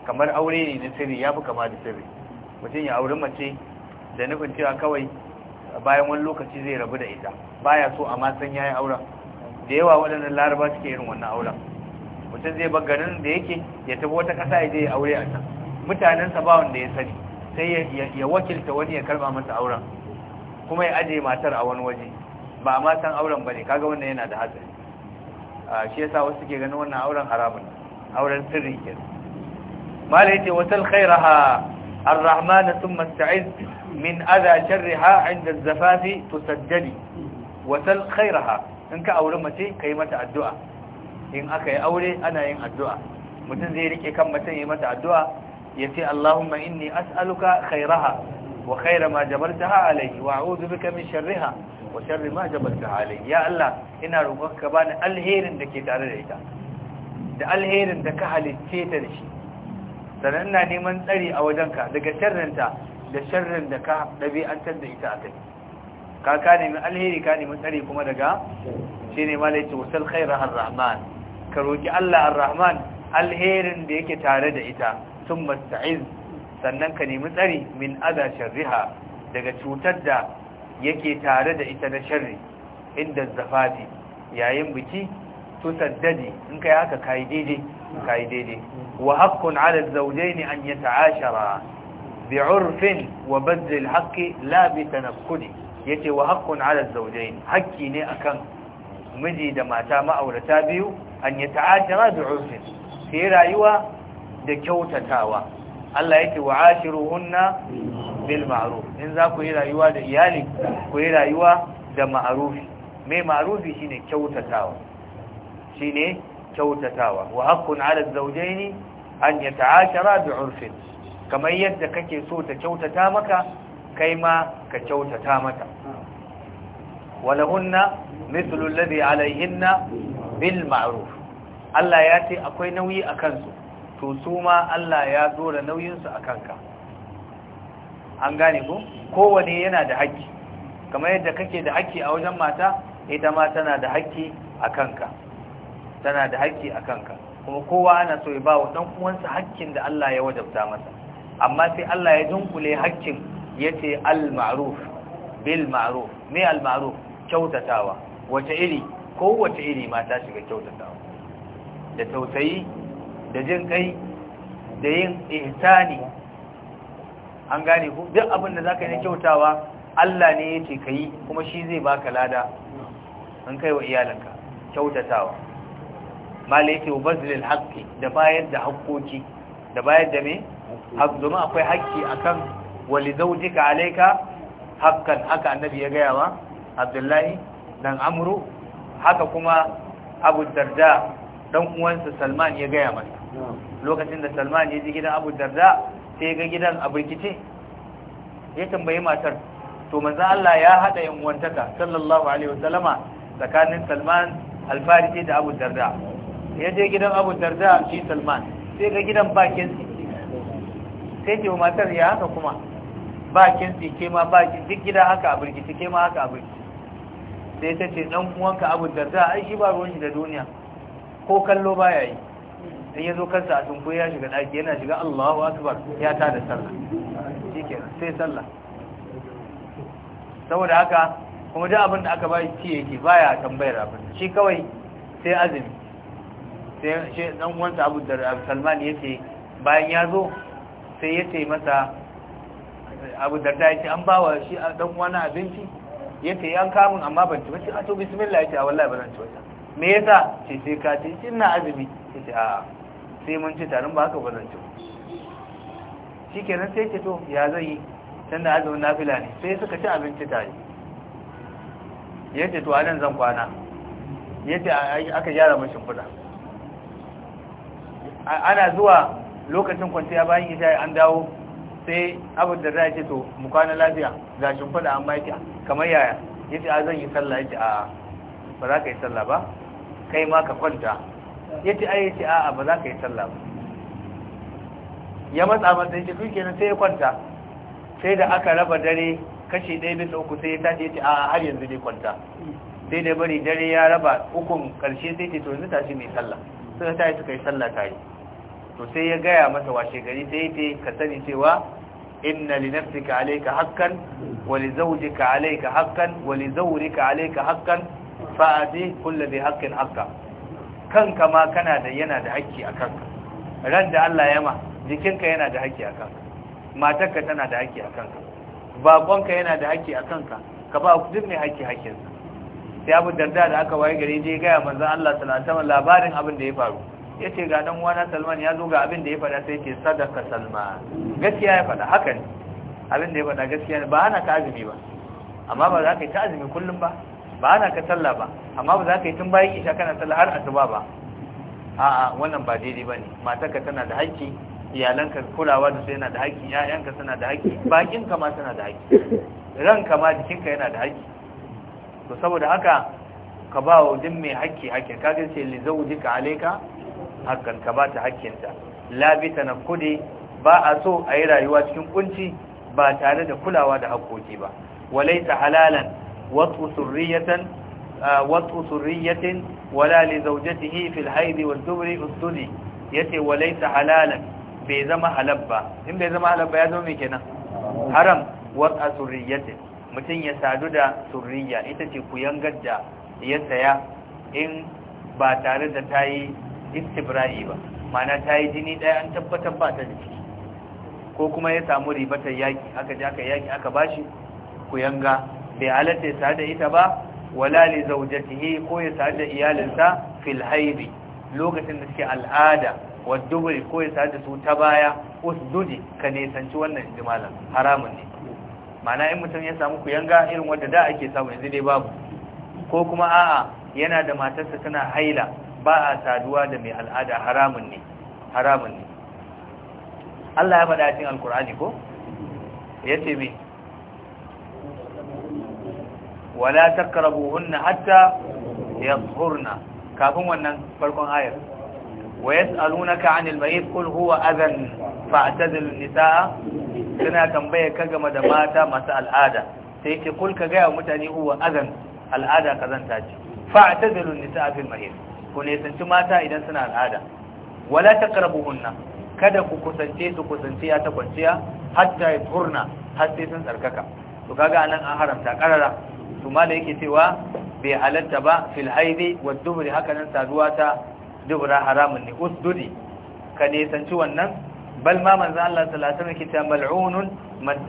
kamar aure ne na sirri ya fi kama da sirri mutum ya auri mace da nufin cewa kawai bayan wani lokaci zai rabu da ita baya so amma san yayin auren da yawa waɗannan laraba suke irin wannan auren mutum zai bar garin da yake ya tafi wata ƙasa ya je ya aure a can mutanensa ba wanda ya sani sai ya wakilta wani ya karba masa auren kuma ya aje matar a wani waje ba a matan auren ba ne kaga wannan yana da hatsari shi yasa wasu ke ganin wannan auren haramun auren sirri ke malai yace wasal khairaha الرحمن ثم استعذ من أذى شرها عند الزفاف تسجلي وسل خيرها إنك أورمتي كيمة الدعاء إن أكي أوري أنا إن الدعاء متنزيرك كم متنيمة الدعاء يتي اللهم إني أسألك خيرها وخير ما جبلتها عليه وأعوذ بك من شرها وشر ما جبلتها عليه يا الله إنا روحك بان الهير إنك تعالى da alherin da ka halicce ta da shi sannan ina neman tsari a ka daga sharrinta da sharrin da ka ɗabi'antar da ita a kai ka ka nemi alheri ka nemi tsari kuma daga shi ne ma wasal khaira arrahman ka roki Allah ar-rahman alherin da yake tare da ita sun masta'iz sannan ka nemi tsari min aza sharriha daga cutar da yake tare da ita na sharri inda zafati yayin biki to saddadi in kai haka kai daidai kai daidai وحق على الزوجين أن يتعاشرا بعرف وبذل الحق لا بتنكد يتي وحق على الزوجين حقي ني أكن مجي دماتا ما أولتا بيو أن يتعاشرا بعرف في رأيوا دكوتا تاوا Allah yake wa ashiruhunna bil ma'ruf in za ku yi rayuwa da iyali ku yi rayuwa da ma'rufi mai ma'rufi shine kyautatawa shine kyautatawa wa haqqun 'ala az-zawjayn an yata'ashara bi'urfin kamar yadda kake so ta kyautata maka kai ma ka kyautata mata walahunna mithlu alladhi 'alayhinna bil ma'ruf Allah ya ce akwai nauyi a kansu to su ma Allah ya dora nauyinsu a kanka an gane ku kowane yana da haƙƙi kamar yadda kake da haƙƙi a wajen mata ita ma tana da haƙƙi a kanka tana da haƙƙi a kanka kuma kowa ana so ya ba wa ɗan uwansa haƙƙin da Allah ya wajabta masa amma sai Allah ya dunkule haƙƙin ya ce al-ma'ruf bil ma'ruf me al-ma'ruf kyautatawa wace iri ko wace iri ma ta shiga kyautatawa da tausayi da jin kai da yin ihsani an gane ku duk abin da zaka yi na kyautawa Allah ne yake kai kuma shi zai baka lada an kai wa iyalanka kyautatawa mala yake wa haƙƙi da bayar da haƙƙoƙi da bayar da me domin akwai haƙƙi akan wali zaujika alaika haƙƙan haka annabi ya gaya wa abdullahi dan amru haka kuma abu darda dan uwansa salman ya gaya masa lokacin da salman ya ji gidan abu darda sai ga gidan a birkice ya tambayi matar to manzo Allah ya hada yan uwantaka sallallahu alaihi wasallama tsakanin salman alfarisi da abu darda ya je gidan abu darda shi salman sai ga gidan bakin tsiki sai ce matar ya haka kuma bakin tsike ma bakin duk gida haka a birgici ke ma haka a birgici sai ta ce dan wanka abu darda a shi ba ruwan shi da duniya ko kallo ba ya yi sai ya zo kansa a tunku ya shiga ɗaki yana shiga Allahu akbar ya ta da sallah ke sai sallah saboda haka kuma duk abin da aka ba shi ba baya tambayar abin shi kawai sai azumi sai shi dan uwansa Abu Salman ce, bayan ya zo sai ya ce masa Abu da ya ce. an bawa shi dan uwana abinci ya ce an kamun amma ban ci ba ce a to bismillah ce a wallahi ban ci wata. me ya sa ce sai ka ce na azumi ce a sai mun ci tarin ba haka ban ci kenan sai ce to ya zai yi da azumin nafila ne sai suka ci abinci tare ce to anan zan kwana ya ce aka gyara mashin kuɗa ana zuwa lokacin kwanciya bayan isha an dawo sai abin da za ce to mu kwana lafiya ga faɗa amma maki kamar yaya ya ce a zan yi sallah yake a ba za ka yi sallah ba kai ma ka kwanta ya ce ai yake a ba za ka yi sallah ba ya matsa masa yake kuke nan sai ya kwanta sai da aka raba dare kashi ɗaya bisa uku sai ya tashi ya ce a har yanzu dai kwanta sai da bari dare ya raba ukun karshe sai ce to yanzu tashi mai sallah suka tashi suka yi sallah tare to sai ya gaya masa washe gari sai yace ka sani cewa inna li nafsika alayka haqqan wa li zawjika alayka haqqan wa li zawrika alayka haqqan fa'ati kullu bi haqqin haqqa kanka ma kana da yana da haƙƙi a kanka ran da Allah ya ma jikinka yana da haƙƙi a kanka matarka tana da haƙƙi a kanka bakonka yana da haƙƙi a kanka ka ba duk mai haƙƙi haƙƙinsa sai abu darda da aka waye gari je gaya manzon Allah sallallahu alaihi wasallam labarin abin da ya faru ya ce ga ɗan wana salman ya zo ga abin da ya faɗa sai ke sadaka salma gaskiya ya faɗa haka ne abin da ya faɗa gaskiya ne ba ana ka azumi ba amma ba za ka yi ta azumi kullum ba ba ana ka sallah ba amma ba za ka yi tun bayan isha kana sallah har asuba ba a'a wannan ba daidai ba ne matarka tana da haƙƙi iyalanka kulawa da su yana da haƙƙi ƴaƴanka suna da haƙƙi bakinka ma suna da haƙƙi ranka ma jikinka yana da haƙƙi to saboda haka ka ba wa duk mai haƙƙi haƙƙi kaga sai li zawjika alayka hakan ka bata ta hakkinta labita na kudi ba a so a yi rayuwa cikin kunci ba tare da kulawa da hakkoki ba walaita halalan watu surriyatan watu surriyatin wala li zawjatihi fil haidi wal dubri usudi yace walaita halalan bai zama halabba in bai zama halabba ya zama me kenan haram wasu surriyatin mutum ya sadu da surriya ita ce ku yangar da ya saya in ba tare da ta yi istibra'i ba mana ta yi jini ɗaya an tabbatar ba ta jiki. ko kuma ya samu ribatar yaƙi aka ji aka yaƙi aka bashi ku yanga bai halatta ya sa da ita ba wala li zawjatihi ko ya sa da iyalinsa fil lokacin da suke al'ada wa dubri ko ya sa da su ta baya usdudi ka ne wannan jimalan haramun ne ma'ana in mutum ya samu ku yanga irin wadda da ake samu yanzu dai babu ko kuma a'a yana da matarsa tana haila ba a saduwa da mai al'ada haramun ne haramun ne Allah ya faɗa cikin alkur'ani ko yace me wala takrabuhunna hatta yadhhurna kafin wannan farkon ayar wa yas'alunaka 'anil mayyit qul huwa adhan fa'tazilun nisaa suna tambaye ka game da mata masu al'ada sai yake kul ka ga mutane huwa adhan al'ada kazanta ce fa'tazilun nisaa fil mayyit ku ci mata idan suna al'ada wala ta taqrabuhunna kada ku kusance su kusanciya ta kwanciya hatta yurna har sai sun tsarkaka to kaga anan an haramta karara to mala yake cewa bai halatta ba fil haidi wa dubri haka nan saduwa ta dubra haramun ne usdudi ka nisanci wannan bal ma manzo Allah sallallahu alaihi wasallam mal'unun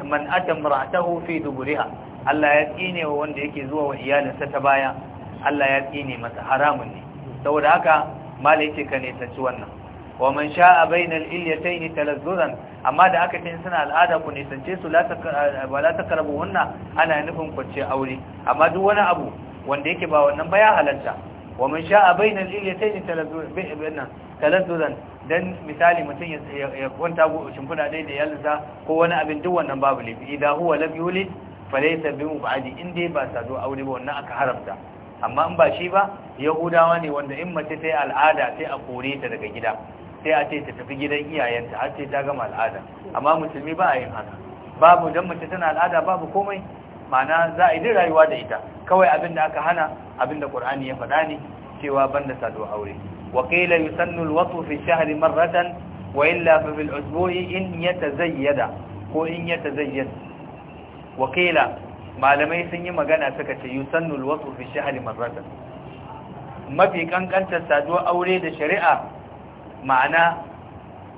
man atam imra'atahu fi duburiha Allah ya tsine wa wanda yake zuwa wa iyalinsa ta baya Allah ya tsine masa haramun ne saboda haka mala yake ka ne tace wannan wa man sha'a bainal ilyatayn talazzuran amma da aka tin suna al'ada ku ne tance su la ta karbu wannan ana nufin kwace aure amma duk wani abu wanda yake ba wannan ba ya halanta wa man sha'a bainal ilyatayn talazzuran dan misali mutum ya kwanta shimfuna dai da yalinsa ko wani abin duk wannan babu laifi idan huwa lam yulid falaysa bi mubadi inda ba sa zo aure ba wannan aka haramta amma in ba shi ba yahudawa ne wanda in mace ta yi al'ada sai a kore ta daga gida sai a ce ta tafi gidan iyayenta har sai ta gama al'ada amma musulmi ba a yin haka babu dan mace tana al'ada babu komai ma'ana za a yi rayuwa da ita kawai abin da aka hana abin da qur'ani ya faɗa ne cewa banda saduwa aure wa qila yusannu al fi shahri marratan wa illa fa bil usbu'i in yatazayyada ko in yatazayyad wa malamai sun yi magana suka ce yusannul wasu fi shahali marratan mafi kankantar saduwa aure da shari'a ma'ana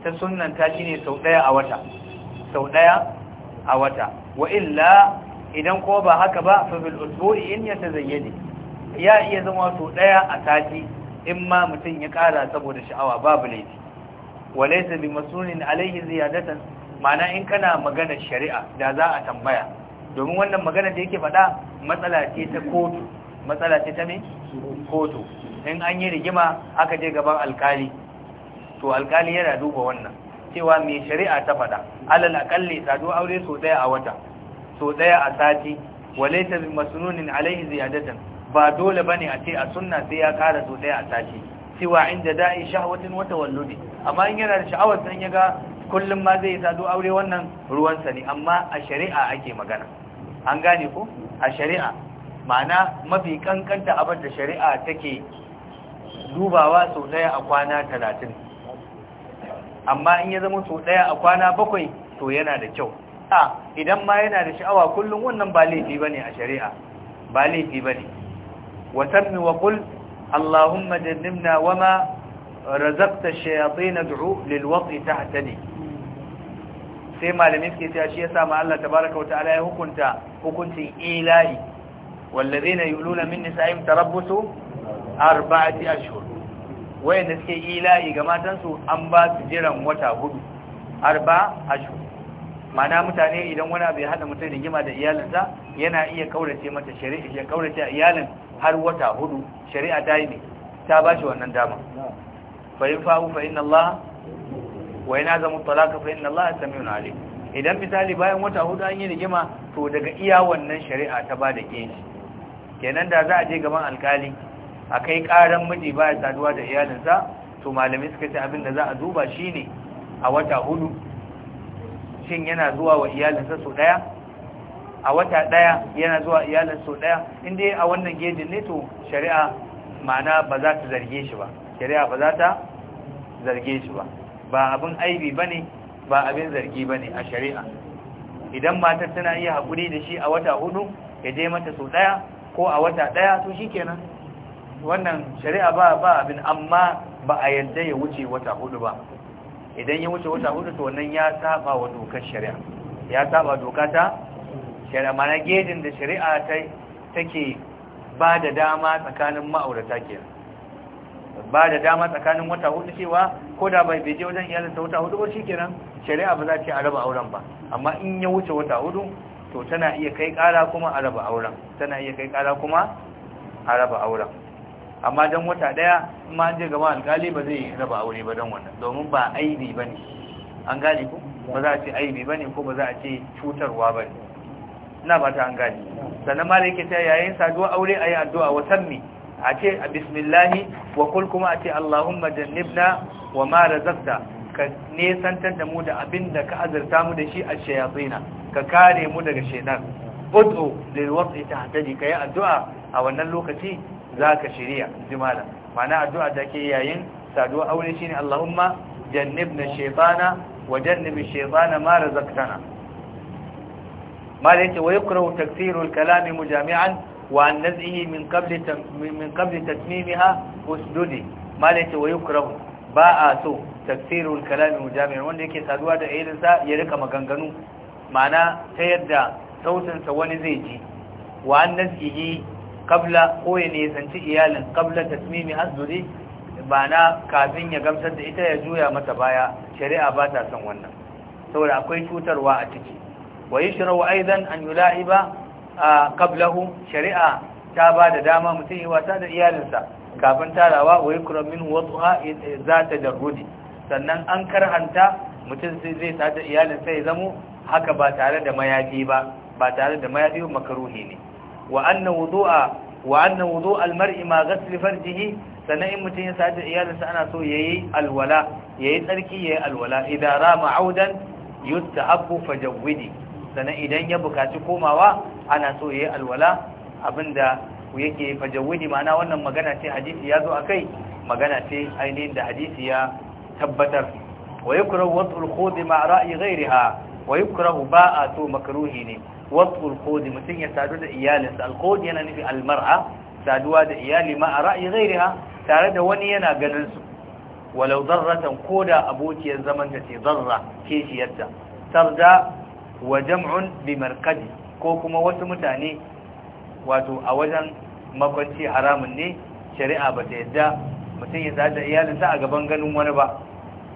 ta ta shine sau daya a wata sau daya a wata wa illa idan ko ba haka ba fa bil usbu'i in yatazayyadi ya iya zama sau daya a sati in ma mutum ya kara saboda sha'awa babu laifi wa laysa bi masunin alaihi ziyadatan ma'ana in kana magana shari'a da za a tambaya domin wannan magana da yake faɗa matsala ce ta kotu matsala ce ta mai? kotu in an yi rigima aka je gaban alkali to alkali yana duba wannan cewa mai shari'a ta faɗa alal akalli sadu aure so ɗaya a wata so ɗaya a sati walaita bi masnunin alaihi ziyadatan ba dole bane a ce a sunna sai ya kara so ɗaya a sati cewa inda da'i shahwatin wata walludi amma in yana da sha'awar san ya ga kullum ma zai sadu aure wannan ruwan sa ne amma a shari'a ake magana an gane ku? a shari'a ma'ana mafi kankanta abin da shari'a take dubawa sau daya a kwana talatin amma in ya zama sau daya a kwana bakwai to yana da kyau a idan ma yana da sha'awa kullum wannan ba laifi ba ne a shari'a ba laifi bane wa tammi wa kul allahumma majalimna wama razaqta ash na ad'u lil ta hatani sai malami suke cewa shi yasa ma Allah tabaraka wa ta'ala ya hukunta hukuncin ilahi wallazina yuluna min nisa'im tarabbusu arba'ati ashhur wayanda suke ilahi ga matan su, an ba su jiran wata hudu arba ashhur mana mutane idan wani abu ya hada mutum gima da iyalinsa yana iya kaurace mata shari'a ya kaurace iyalin har wata hudu shari'a ta yi ne ta ba shi wannan dama fa in fa'u fa inna Allah wa yana zama talaka fa inna Allah samiun alim idan misali bayan wata hudu an yi rigima to daga iya wannan shari'a ta ba da kenan kenan da za a je gaban alkali akai kai karan miji ba ya saduwa da iyalinsa to malami suka ce abin da za a duba shine a wata hudu shin yana zuwa wa iyalinsa sau daya a wata daya yana zuwa iyalinsa sau daya inda a wannan gejin ne to shari'a ma'ana ba za ta zarge shi ba shari'a ba za ta zarge shi ba ba abin aibi ba ne, ba abin zargi ba ne a shari'a idan matar tana iya haƙuri da shi a wata hudu ya je mata sau ɗaya ko a wata ɗaya to shi kenan wannan shari'a ba ba abin amma ba a yadda ya wuce wata hudu ba idan ya wuce wata hudu to wannan ya saba wa dokar shari'a ya saba doka ta shari'a mana gejin da shari'a ta take ba da dama tsakanin ma'aurata kenan ba da dama tsakanin wata hudu cewa ko da bai beje wajen iyalinsa wata hudu ba shi kenan shari'a ba za ce a raba auren ba amma in ya wuce wata hudu to tana iya kai kara kuma a raba auren tana iya kai kara kuma a raba auren amma don wata daya ma an je gaba alkali ba zai raba aure ba don wannan domin ba aibi ba ne an gane ku ba za a ce aibi ba ne ko ba za a ce cutarwa ba ne ina ba ta an gane sannan ma da yake ta yayin saduwa aure a yi addu'a san me a ce a bismillahi wa kul kuma a ce Allahumma jannibna wa ma razaqta ka nesantar da mu da abin da ka azurta mu da shi a shayatsina ka kare mu daga shaitan ud'u lil wad'i ka kai addu'a a wannan lokaci zaka shirya jimala ma'ana addu'a da ke yayin saduwa aure shine Allahumma jannibna shaytana wa jannibish shaytana ma razaqtana malaka wa yakrahu takthirul kalami mujami'an wa nazihi min qabli min qabli tatmimiha usdudi malaka wa yukrahu ba a so tafsirul kalam mujami wanda yake saduwa da sa ya rika maganganu ma'ana ta yadda sautin sa wani zai ji wa an nazihi qabla ko ya sanci iyalin qabla tasmimi hasduri bana kafin ya gamsar da ita ya juya mata baya shari'a ba ta son wannan saboda akwai cutarwa a ciki wa yashra aidan an yula'iba a kablahu shari'a ta ba da dama mutum yi wasa da iyalinsa kafin tarawa wa yukra min wadha za ta darudi sannan an karhanta mutum sai zai ta da iyalinsa ya zamo haka ba tare da mayafi ba ba tare da makaruhi ne wa anna wudu'a wa mari ma ghasl farjihi sannan in mutum ya sa da iyalinsa ana so yayi alwala tsarki yayi alwala idan rama audan yustahabbu fajawwidi sannan idan ya bukaci komawa ana so ya yi alwala abinda yake fajawudi ma'ana wannan magana ce hadisi ya zo a kai magana ce ainihin da hadisi ya tabbatar wa yukrahu wad'ul khudi ma gairi ha? wa yukrahu ba'a to makaruhi ne wad'ul khudi mutum ya sadu da iyalinsa al khudi yana nufi almara. mar'a saduwa da iyali ma a gairi ha? tare da wani yana ganin su walau darratan koda abokiyar zaman ta ce zarra kishiyarta tarda wa jam'un bi marqadi ko kuma wasu mutane wato a wajen makwanci haramun ne shari'a ba ta yadda mutum ya tsada iyalinsa a gaban ganin wani ba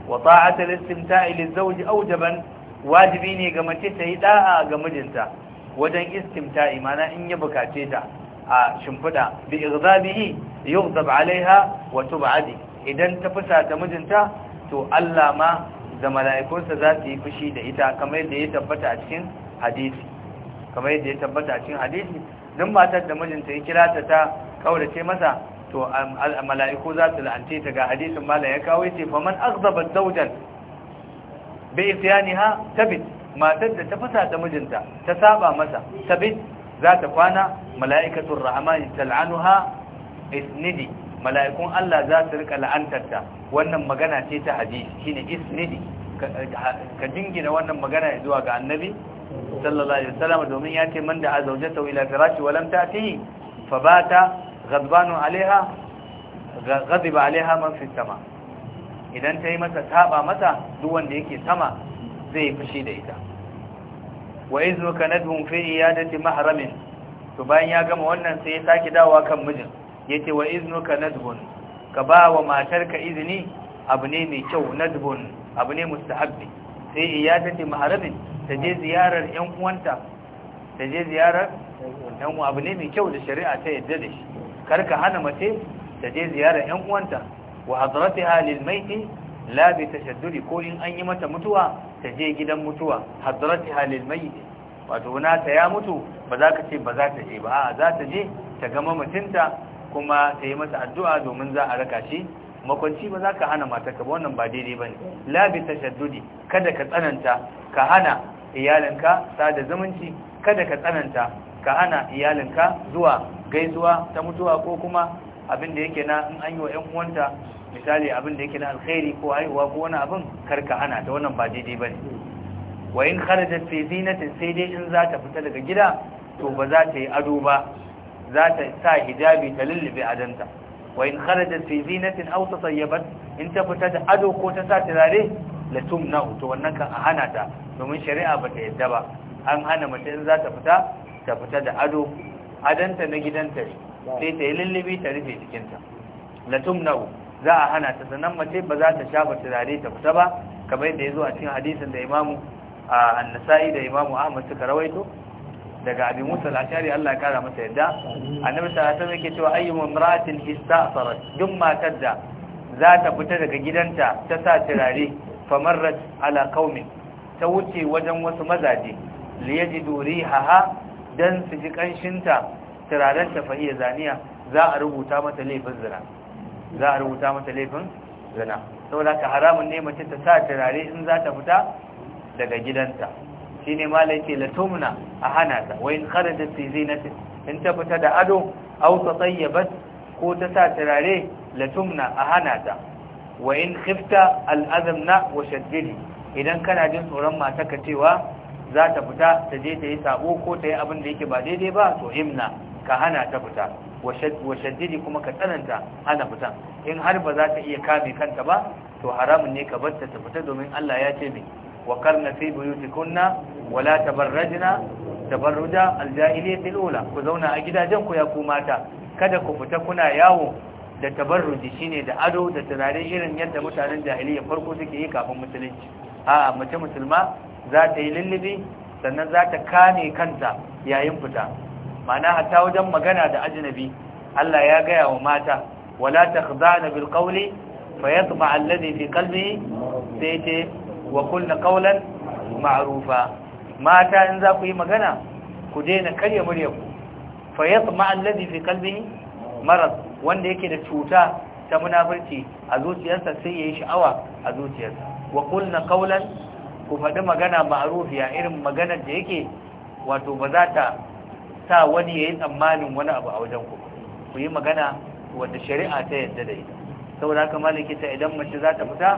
wa ta'atul istimta'i lizawji awjaban wajibi ne ga mace ta yi da'a ga mijinta wajen istimta'i mana in ya bukace ta a shimfida bi igzabihi yughzab alaiha wa tub'adi idan ta fusa ta mijinta to Allah ma da mala'ikunsa za su yi fushi da ita kamar yadda ya tabbata a cikin hadisi kamar yadda ya tabbata a cikin hadisi don matar da mijinta ya kira ta ta kaurace masa to mala'iku za su la'ance ta ga hadisin mala ya kawo ce, man azaba zaujan bai zawjan bi ha tabit matar da ta fasa da mijinta ta saba masa tabit za ta kwana ta la’anu ha isnidi mala'ikun Allah za su rika la'antarta wannan magana ce ta hadisi shine isnidi ka jingina wannan magana zuwa ga annabi sallallahu alaihi wasallam domin ya ce man da azawjata ila firashi wa lam ta'tihi fa bata ghadbanu alaiha ghadiba alaiha man fi sama idan ta yi masa taba mata duk wanda yake sama zai fushi da ita wa iznuka nadhum fi iyadati mahramin to bayan ya gama wannan sai ya saki dawowa kan mijin yace wa iznuka nadhum ka ba wa matarka izini abu ne mai kyau nadbun abu ne mustahabbi sai iya ce maharamin ta je ziyarar yan uwanta ta je ziyarar yan abu ne mai kyau da shari'a ta yadda da shi karka hana mace ta je ziyarar yan uwanta wa hadratiha lil maiti la bi tashaddudi ko in an yi mata mutuwa ta je gidan mutuwa hadratiha lil maiti wato na ta ya mutu ba za ka ce ba za ta je ba a'a za ta je ta ga mamacinta kuma ta yi masa addu'a domin za a raka shi makwanci ba za ka hana matarka ba wannan ba daidai ba ne labi tashaddudi kada ka tsananta ka hana iyalinka sada zumunci kada ka tsananta ka hana iyalinka zuwa gaisuwa ta mutuwa ko kuma abin da yake na in an yi wa 'yan uwanta misali abin da yake na alkhairi ko haihuwa ko wani abin karka hana ta wannan ba daidai ba ne wa in kharajat fi zinatin sai dai in za ta fita daga gida to ba za ta yi ado ba za ta sa hijabi ta lullube adanta wa in kharajat fi zinatin aw tatayyabat in ta fita da ado ko ta sa turare la tumna to wannan kan a hana ta domin shari'a bata yadda ba an hana mace in za ta fita ta fita da ado adanta na gidanta sai ta yi lullube ta rufe jikinta la tumna za a hana ta sannan mace ba za ta shafa turare ta fita ba kamar yadda ya zo a cikin hadisin da imamu a annasa'i da imamu ahmad suka rawaito daga abin musa al Allah ya kara masa yadda annabi sallallahu alaihi wasallam yake cewa ayyu imra'atin ista'sarat duk matar da za ta fita daga gidanta ta sa turare famarrat ala ta wuce wajen wasu mazaje liyajidu haha dan su ji kanshinta turaren ta fahiya zaniya za a rubuta mata laifin zina za a rubuta mata laifin zina saboda ka haramun ne mace ta sa turare in za ta fita daga gidanta shine malai ce la tumna a hana ta wa in kharajat fi zinatin in ta fita da ado aw tatayyabat ko ta sa turare la tumna a hana ta wa in khifta al azmna wa shaddidi idan kana jin tsoron mata ka cewa za ta fita ta je ta yi sabo ko ta yi abin da yake ba daidai ba to imna ka hana ta fita wa shaddidi kuma ka tsananta hana fita in har ba za ta iya kame kanta ba to haramun ne ka bar ta fita domin Allah ya ce mai wa karna fi buyutikunna wala tabarrajna tabarruja aljahiliyyati alula ku zauna a gidajen ku ya ku mata kada ku fita kuna yawo da tabarruji shine da ado da turare irin yadda mutanen jahiliyya farko suke yi kafin musulunci A'a mace musulma za ta yi lullubi sannan za ta kame kanta yayin fita ma'ana hatta wajen magana da ajnabi Allah ya gaya wa mata wala takhdana bil qawli fayatma alladhi fi qalbihi sai wa qulna qawlan ma'rufa mata in za ku yi magana ku daina karya murya ku fa yatma alladhi fi qalbihi marad wanda yake da cuta ta munafurci a zuciyarsa sai yayi sha'awa a zuciyarsa wa qulna qawlan ku faɗi magana ma'rufiya irin maganar da yake wato ba za ta sa wani yayi tsammanin wani abu a wajen ku ku yi magana wanda shari'a ta yadda da ita saboda haka maliki ta idan mace za ta fita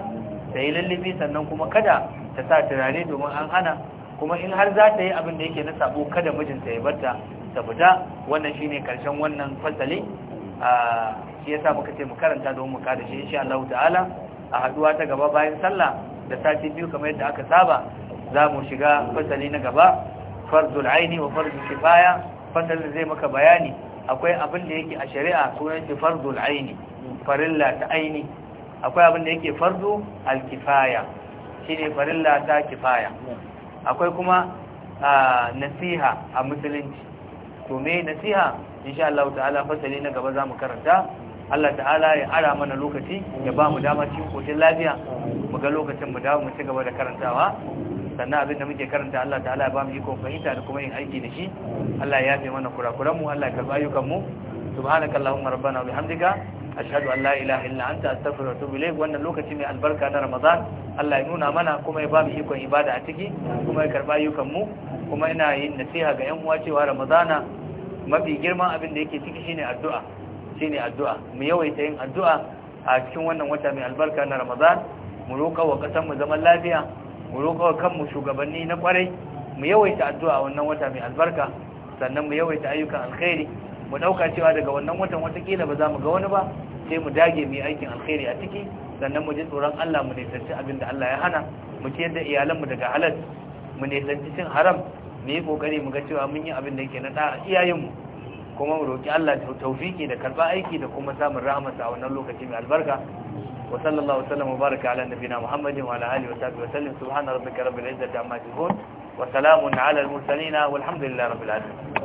ta yi lallabi sannan kuma kada ta sa turare domin an hana kuma in har za ta yi abin da yake na sabo kada mijinta ya barta ta fita wannan shine karshen wannan fasali a shi yasa muka ce mu karanta don mu kada shi insha Allah ta'ala a haduwa ta gaba bayan sallah da sati biyu kamar yadda aka saba za mu shiga fasali na gaba fardul aini wa fardul kifaya fasalin zai maka bayani akwai abin da yake a shari'a sunan shi fardul aini farilla ta aini akwai abin da yake fardu Alkifaya, shine farilla ta kifaya akwai kuma nasiha a musulunci to me nasiha insha Allah ta'ala fasali na gaba zamu karanta Allah ta'ala ya ara mana lokaci ya ba mu dama cikin koshin lafiya mu ga lokacin mu dawo mu ci gaba da karantawa sannan abin da muke karanta Allah ta'ala ya ba mu iko fahimta da kuma yin aiki da shi Allah ya yafe mana kurakuran mu Allah ya karba ayyukan mu subhanakallahumma rabbana wa bihamdika ashhadu an la ilaha illa anta astaghfiruka wa atubu ilayk wannan lokaci mai albarka na ramadan Allah ya nuna mana kuma ya ba mu ikon ibada a ciki kuma ya karba ayyukan mu kuma ina yin nasiha ga yan uwa cewa ramadana mafi girman abin da yake ciki shine addu'a shine addu'a mu yawaita yin addu'a a cikin wannan wata mai albarka na ramadan mu roƙa wa mu zaman lafiya mu roƙa wa kanmu shugabanni na kwarai mu yawaita addu'a wannan wata mai albarka sannan mu yawaita ayyukan alkhairi mu dauka cewa daga wannan watan watakila ba za mu ga wani ba sai mu dage mu yi aikin alkhairi a ciki sannan mu ji tsoron Allah mu nisanci abin da Allah ya hana mu ciyar da iyalanmu daga halal mu nisanci cin haram mu yi kokari mu ga cewa mun yi abin da yake na da'a iyayenmu kuma mu roki Allah tawfiki da karba aiki da kuma samun rahmasa a wannan lokaci mai albarka wa sallallahu wasallam wa baraka ala nabiyina muhammadin wa ala alihi wa sahbihi wa sallam subhana rabbika rabbil izzati amma yasifun wa salamun ala al mursalin walhamdulillahi rabbil alamin